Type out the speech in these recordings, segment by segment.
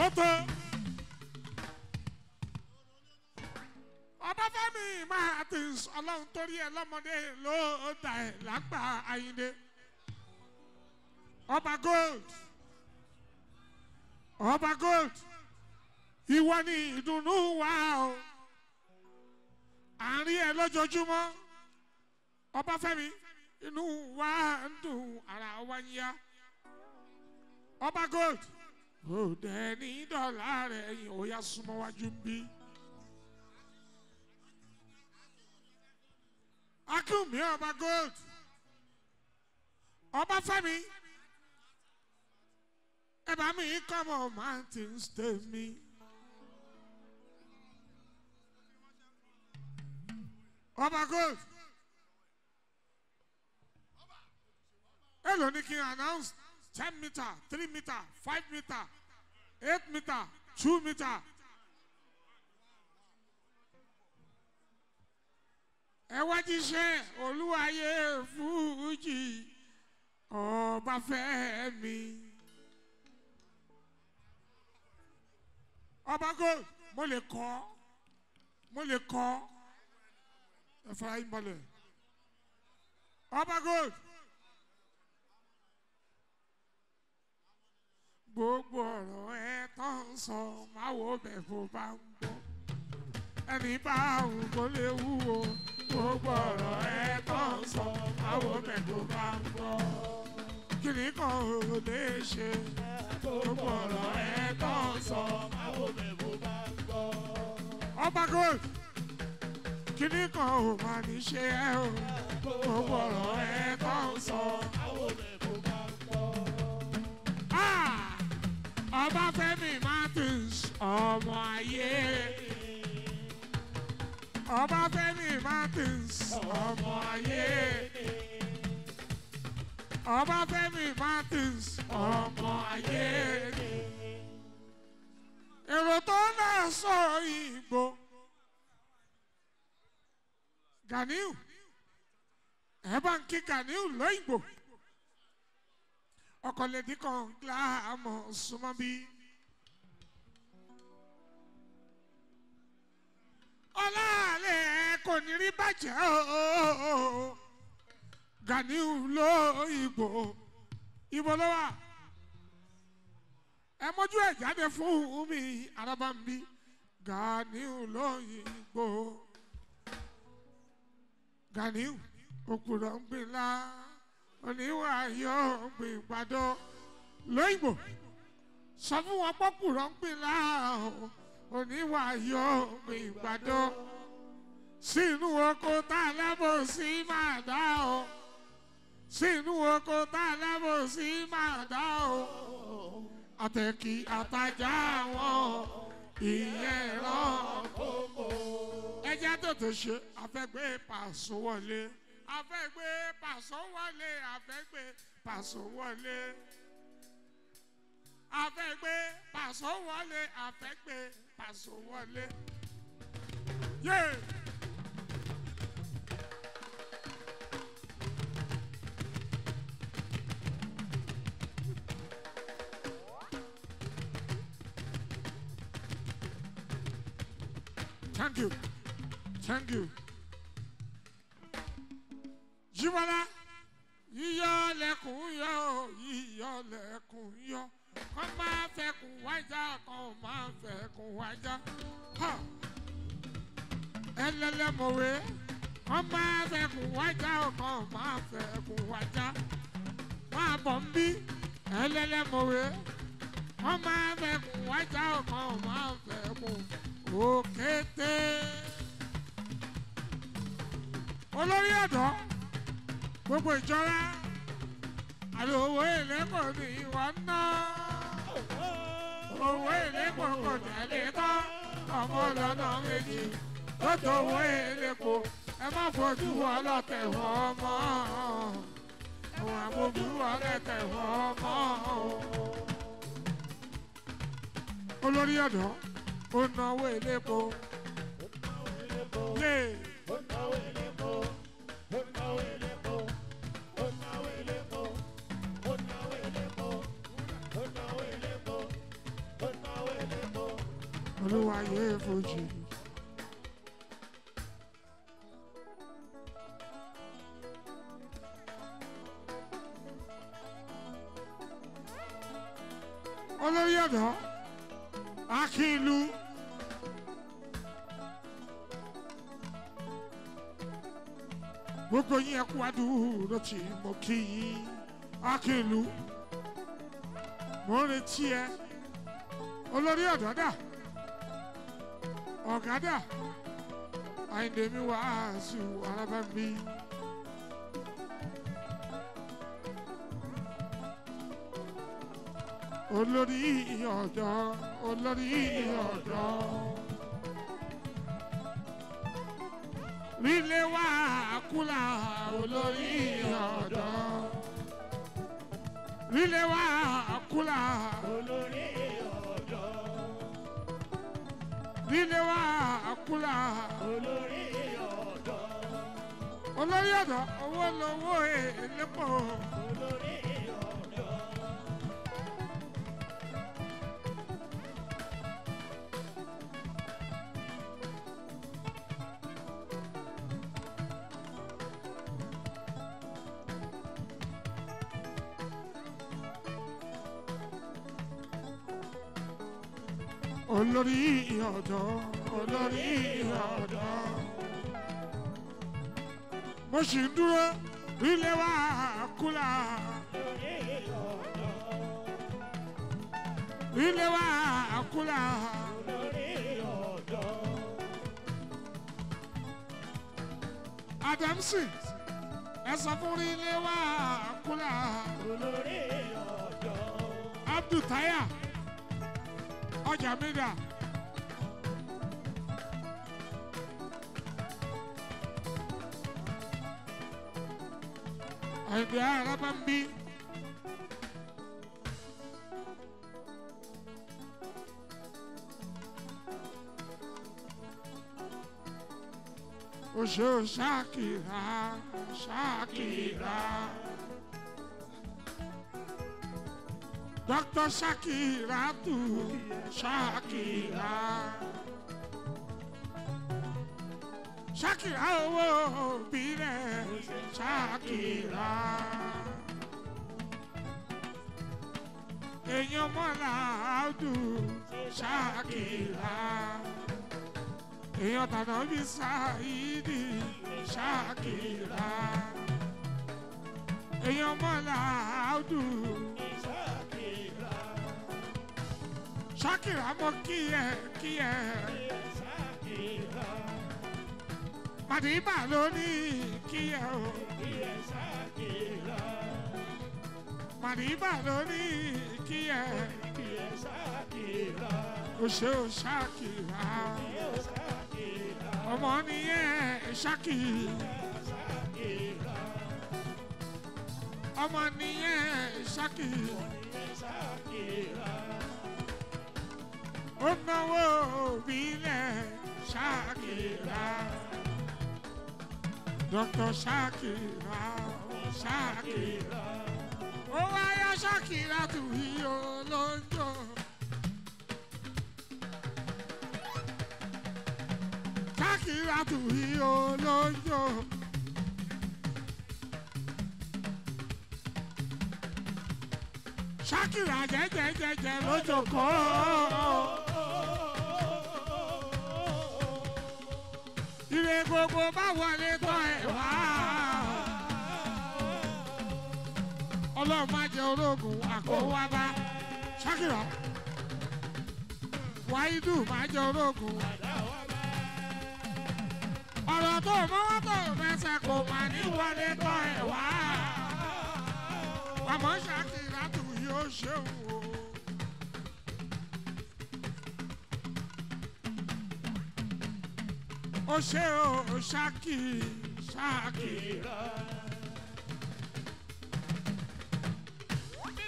Oto. Ọbáfẹ́mi Martins ọlọ́run torí ẹ lọ́mọdé ló dà ẹ̀ lágbà Ayinde. Ọba gold. Ọba gold. Ìwọ ni ìdùnnú wa o. Àárín ẹ lójoojúmọ́. Ọbáfẹ́mi inú wa ń dùn ara wa ń yá. Ọba gold. ó dẹni dọ̀là rẹ̀ yìí ó yá súnmọ́ wájú ń bí. akínwùmí ọba gold ọbáfẹ́mi ẹ bá mi kọ́ mọ́ mountains tèmi. ọba gold ẹ lóní kí n announce. 10 meter, 3 meter, 5 meter, 8 meter, 2 meter. ẹ wá jíṣẹ́ olúwayé fújì ọbáfẹ́mi. ọba gold mo lè kọ́ mo lè kọ́ ẹ fara yín balẹ̀ ọba gold. gbogbo ọ̀rọ̀ ẹ tó ń sọ máa wo bẹ̀ bó bá ń gbọ́ ẹni bá àrùn kó lè wúwo gbogbo ọ̀rọ̀ ẹ tó ń sọ máa wo bẹ̀ bó bá ń gbọ́ kìnì kan ò lè ṣe gbogbo ọ̀rọ̀ ẹ tó ń sọ máa wo bẹ̀ bó bá ń gbọ́. ọba gold kìnì kan ò máa ní ṣe ẹ o gbogbo ọ̀rọ̀ ẹ tó ń sọ. Ọbáfẹ́mi Martins ọmọ ayé Ọbáfẹ́mi Martins ọmọ ayé Ọbáfẹ́mi Martins ọmọ ayé èrò tó náà sọ ìgbò Ganiu ẹ bá ń kí Ganiu lóyìnbó ọkọlẹdì kan gíla àmọ súnmọ́ bí. ọlọ́ọ̀lẹ́ kò ní rí bàjẹ́ o Ganiu ló ìgbò ìbò ló wà ẹ mójú ẹ jáde fún mi araba ń bí Ganiu ló ìgbò Ganiu òpùrọ̀ ń gbin láà oníwà yóò gbé ìgbàdo lóyìnbó sọ fún wọn pọ́kùrọ̀ ń pè láà oníwà yóò gbé ìgbàdo sínú oko tá a lábò sí máa dá o sínú oko tá a lábò sí máa dá o àtẹ̀kí àtajà wọn ìyẹn rán kókó. ẹjẹ́ tó tó ṣe afẹ́gbẹ́ pàṣẹ wọlé afẹ́gbé pàṣọ wọlé afẹ́gbé pàṣọ wọlé afẹ́gbé pàṣọ wọlé afẹ́gbé pàṣọ wọlé. Yeah. Thank you. Thank you. Ajíbọ́lá yíyọ lẹ́kùn yọ yíyọ lẹ́kùn yọ kọ́ máa fẹ́kùn wájà kọ́ máa fẹ́kùn wájà ẹlẹ́lẹ́mọ̀wé kọ́ máa fẹ́kùn wájà kọ́ máa fẹ́kùn wájà máa bọ̀ ń bí ẹlẹ́lẹ́mọ̀wé kọ́ máa fẹ́kùn wájà kọ́ máa fẹ́kùn òkété olórí ọ̀dọ́ gbogbo ìjọra àbí owó èlé kò ní ìwà ná owó èlé kò kò tẹ̀lé ká ọmọ lọ́nà méjì tó tó owó èlé kò ẹ má fojú wọn lọ́tẹ̀ wọ́n mọ́ òun àmójú wọn lọ́tẹ̀ wọ́n mọ́ olórí ọ̀dọ́ ó náwó èlé kò. ó náwó èlé kò. olúwa olórí ọ̀dọ́ akínlu. gbogbo yín ẹ kú àdúró tí mo kí yín akínlu mo retí ẹ olórí ọ̀dọ́ dà ọ̀gádà àyìndé mi wàásù alábàbí. olórí ọ̀dọ́ olórí ọ̀dọ́ líle wá àkúlà olórí ọ̀dọ́ líle wá àkúlà olórí. ìdílé wa àkúlà. olórí ọ̀dọ́. olórí ọ̀dọ́ owó lọ́wọ́ èlé pọ̀. olórí ọ̀dọ́ olórí ọ̀dọ́. mo ilewa dúró ilé wa kúlà. ilé wa kúlà. Adamsi ẹ sọ fún ilé wa kúlà. olórí ọjà mi dà. Àyìndé arábá ń bí. Oṣù Ṣakira, Ṣakira. Doutor Shakira, tu, Shakira. Shakira, oh, oh, pire, oh, Shakira. Enyo Monaldo, Shakira. Enyo Tanobi Saidi, Shakira. um Monaldo, Shakira. Shakira mo kí ẹ kí ẹ. Màdìbà ló ní kí ẹ o. Màdìbà ló ní kí ẹ. O ṣe o Shakira. Ọmọ nìyẹn Shakira. Ọmọ nìyẹn Shakira ó náwó òbílẹ̀ ṣáàkìrà Dr. ṣáàkìrà ó ṣáàkìrà ó wáyá ṣáàkìrà tù yí olóńjó. ṣáàkìrà tù yí olóńjó. ṣáàkìrà jẹ́jẹ́jẹ́jẹ́ lójókòó. ire gbogbo bá wọlé tán ẹ̀ wá. ọlọ́run má jẹ́ ológun àkówá bá ṣákìrọ̀ wáídù má jẹ́ ológun. ọ̀rọ̀ tó mọ́wọ́ tó mẹsẹ̀ kò mà ní wọlé tán ẹ̀ wá. àmọ́ ṣákìrọ̀ àtúnyí ó ṣeun o. ó ṣe ó ṣáàkì ṣáàkì rà.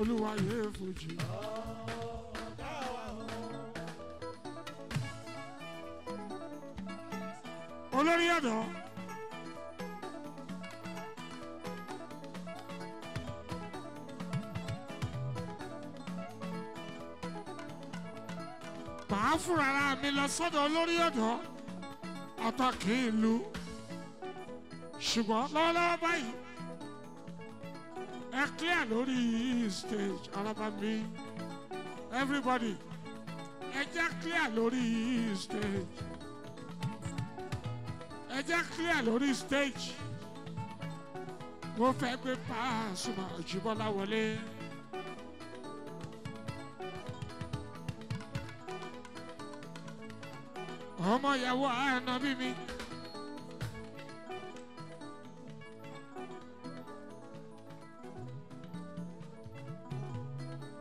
olúwa yé fújì. olórí ọ̀dọ́. màá fúnra mi lọ sọ́dọ̀ olórí ọ̀dọ́ ọ̀tá kì í lu ṣùgbọ́n lọ́wọ́lọ́wọ́ báyìí ẹ clear lórí stage araba mi everybody ẹ jẹ́ clear lórí stage ẹ jẹ́ clear lórí stage mo fẹ́ gbé Pasuma Òjìbọ́lá wọlé. ọmọ ìyàwó ànábì mi.